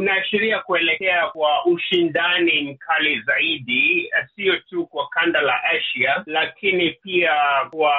unaashiria kuelekea kwa ushindani mkali zaidi, eh, sio tu kwa kanda la Asia, lakini pia kwa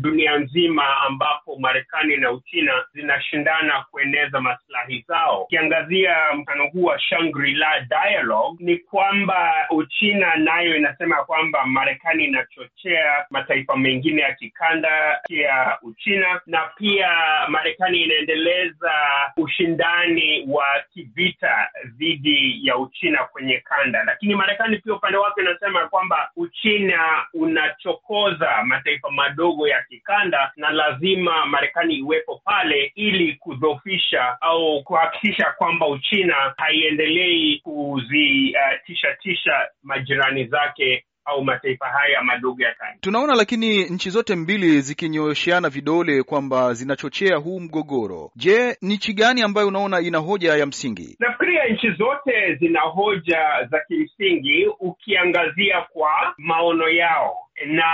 dunia nzima daima ambapo Marekani na Uchina zinashindana kueneza masilahi zao. Ukiangazia mfano huu wa Shangri-La Dialogue, ni kwamba Uchina nayo inasema kwamba Marekani inachochea mataifa mengine ya kikanda ya Uchina, na pia Marekani inaendeleza ushindani wa kivita dhidi ya Uchina kwenye kanda, lakini Marekani pia upande wake inasema kwamba Uchina unachokoza mataifa madogo ya kikanda na na lazima Marekani iwepo pale ili kudhofisha au kuhakikisha kwamba Uchina haiendelei kuzitisha uh, tisha majirani zake au mataifa haya madogo ya kani Tunaona lakini nchi zote mbili zikinyosheana vidole kwamba zinachochea huu mgogoro. Je, ni nchi gani ambayo unaona ina hoja ya msingi? Nafikiria nchi zote zina hoja za kimsingi ukiangazia kwa maono yao na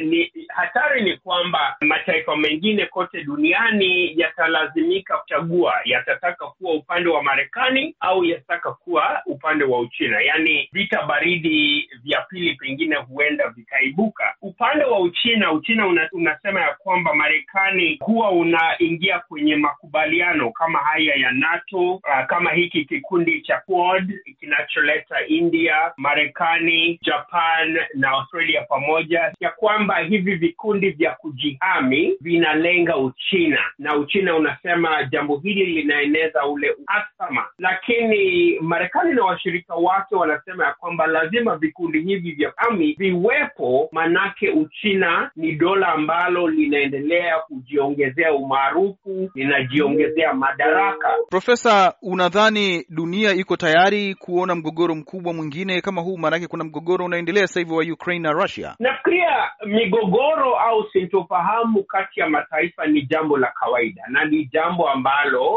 ni hatari ni kwamba mataifa mengine kote duniani yatalazimika kuchagua, yatataka kuwa upande wa Marekani au yatataka kuwa upande wa Uchina. Yaani vita baridi vya pili pengine huenda vikaibuka upande wa Uchina. Uchina una, unasema ya kwamba Marekani huwa unaingia kwenye makubaliano kama haya ya NATO, uh, kama hiki kikundi cha Quad kinacholeta India, Marekani, Japan na Australia pamoja moja ya kwamba hivi vikundi vya kujihami vinalenga Uchina na Uchina unasema jambo hili linaeneza ule uhasama lakini Marekani na washirika wake wanasema ya kwamba lazima vikundi hivi vya ami viwepo, manake Uchina ni dola ambalo linaendelea kujiongezea umaarufu, linajiongezea madaraka. Profesa, unadhani dunia iko tayari kuona mgogoro mkubwa mwingine kama huu? Maanake kuna mgogoro unaendelea sasa hivi wa Ukraine na Russia. Nafikiria migogoro au sintofahamu kati ya mataifa ni jambo la kawaida na ni jambo ambalo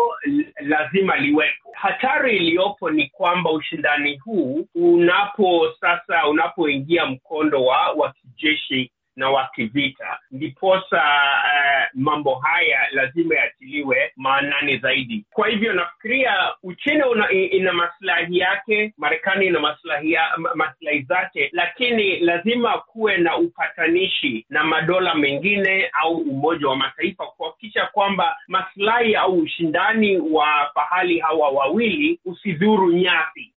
lazima liwepo Hatari iliyopo ni kwamba ushindani huu unapo sasa unapoingia mkondo wa wa kijeshi na wa kivita, ndiposa uh, mambo lazima yatiliwe maanani zaidi. Kwa hivyo nafikiria Uchina una, ina maslahi yake, Marekani ina maslahi ya, maslahi zake, lakini lazima kuwe na upatanishi na madola mengine au Umoja wa Mataifa kuhakikisha kwamba maslahi au ushindani wa fahali hawa wawili usidhuru nyasi.